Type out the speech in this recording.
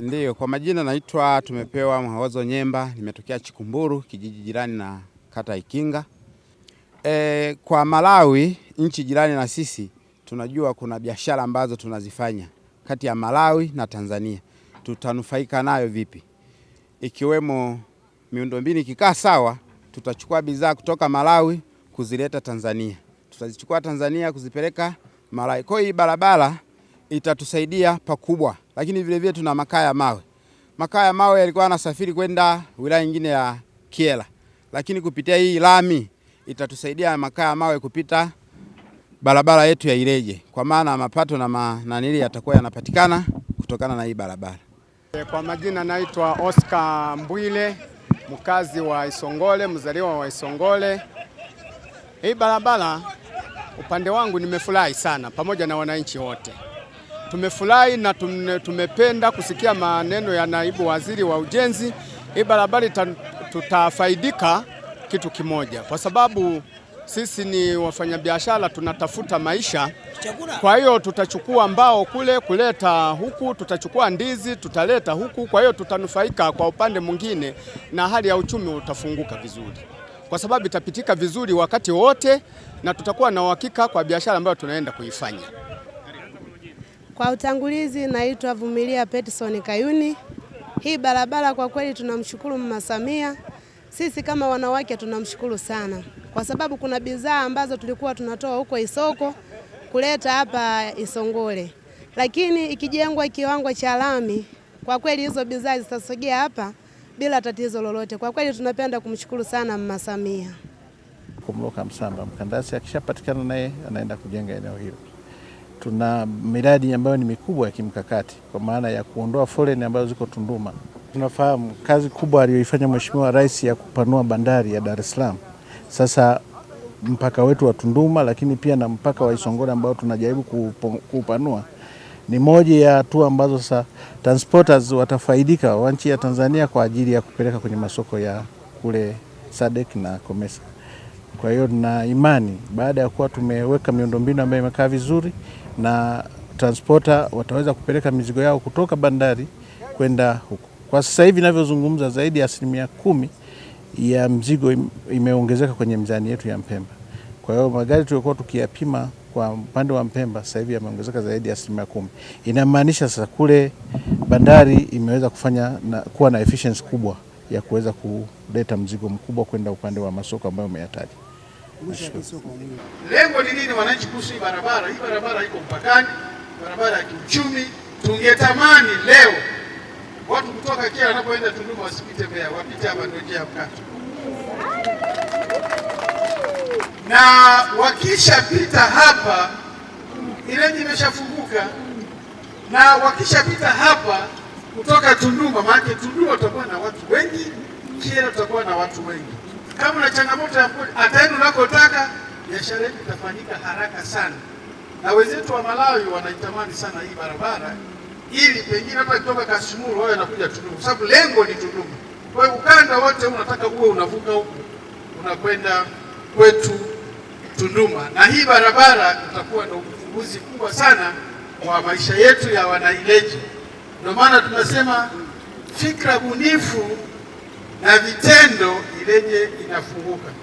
Ndiyo, kwa majina naitwa Tumepewa Mwahozo Nyemba, nimetokea Chikumburu, kijiji jirani na kata Ikinga. E, kwa Malawi, nchi jirani na sisi, tunajua kuna biashara ambazo tunazifanya kati ya Malawi na Tanzania, tutanufaika nayo vipi? Ikiwemo miundombinu ikikaa sawa, tutachukua bidhaa kutoka Malawi kuzileta Tanzania, tutazichukua Tanzania kuzipeleka Malawi. Kwa hiyo hii barabara itatusaidia pakubwa, lakini vile tuna makaa ya mawe. Makaa ya mawe yalikuwa yanasafiri kwenda wilaya nyingine ya Kiela, lakini kupitia hii lami itatusaidia makaa ya mawe kupita barabara yetu ya Ileje, kwa maana mapato na mananili yatakuwa yanapatikana kutokana na hii barabara. Eh, kwa majina naitwa Oscar Mbwile, mkazi wa Isongole, mzaliwa wa Isongole. Hii barabara upande wangu nimefurahi sana pamoja na wananchi wote. Tumefurahi na tumependa kusikia maneno ya naibu waziri wa ujenzi. Hii barabara tutafaidika kitu kimoja, kwa sababu sisi ni wafanyabiashara, tunatafuta maisha. Kwa hiyo tutachukua mbao kule kuleta huku, tutachukua ndizi tutaleta huku. Kwa hiyo tutanufaika kwa upande mwingine, na hali ya uchumi utafunguka vizuri, kwa sababu itapitika vizuri wakati wote, na tutakuwa na uhakika kwa biashara ambayo tunaenda kuifanya. Kwa utangulizi, naitwa Vumilia Peterson Kayuni. Hii barabara kwa kweli tunamshukuru Mama Samia. Sisi kama wanawake tunamshukuru sana, kwa sababu kuna bidhaa ambazo tulikuwa tunatoa huko Isoko kuleta hapa Isongole, lakini ikijengwa kiwango cha lami, kwa kweli hizo bidhaa zitasogea hapa bila tatizo lolote. Kwa kweli tunapenda kumshukuru sana Mama Samia. Kumloka Msamba mkandasi akishapatikana naye anaenda kujenga eneo hilo tuna miradi ambayo ni mikubwa ya kimkakati kwa maana ya kuondoa foleni ambazo ziko Tunduma. Tunafahamu kazi kubwa aliyoifanya Mheshimiwa Rais ya kupanua bandari ya Dar es Salaam. Sasa mpaka wetu wa Tunduma, lakini pia na mpaka wa Isongola ambao tunajaribu kuupanua ni moja ya hatua ambazo sasa transporters watafaidika wa nchi ya Tanzania kwa ajili ya kupeleka kwenye masoko ya kule SADC na COMESA. Kwa hiyo na imani baada ya kuwa tumeweka miundombinu ambayo imekaa vizuri na transporter wataweza kupeleka mizigo yao kutoka bandari kwenda huko. Kwa sasa hivi ninavyozungumza, zaidi ya asilimia kumi ya mzigo imeongezeka kwenye mizani yetu ya Mpemba. Kwa hiyo magari tuliokuwa tukiyapima kwa upande wa Mpemba sasa hivi yameongezeka zaidi ya asilimia kumi. Inamaanisha sasa kule bandari imeweza kufanya na, kuwa na efficiency kubwa ya kuweza kuleta mzigo mkubwa kwenda upande wa masoko ambayo umeyataja. Lengo ni nini wananchi kuhusu hii barabara? Hii barabara iko mpakani, barabara ya kiuchumi. Tungetamani leo watu kutoka kila wanapoenda Tunduma wasipite Mbeya, wapite hapa, ndio njia ya mkato, na wakishapita hapa ile njia imeshafunguka, na wakishapita hapa kutoka Tunduma, maana Tunduma tutakuwa na watu wengi, kila tutakuwa na watu wengi kama na changamoto ya kodi, ataenda unakotaka, biashara yetu itafanyika haraka sana, na wenzetu wa Malawi wanaitamani sana hii barabara, ili pengine hata kutoka Kasumuru wao anakuja Tunduma, kwa sababu lengo ni Tunduma. Kwa hiyo ukanda wote unataka uwe unavuka huko unakwenda kwetu Tunduma, na hii barabara itakuwa na ufunguzi kubwa sana kwa maisha yetu ya Wanaileje. Ndio maana tunasema fikra bunifu na vitendo ilenye inafunguka.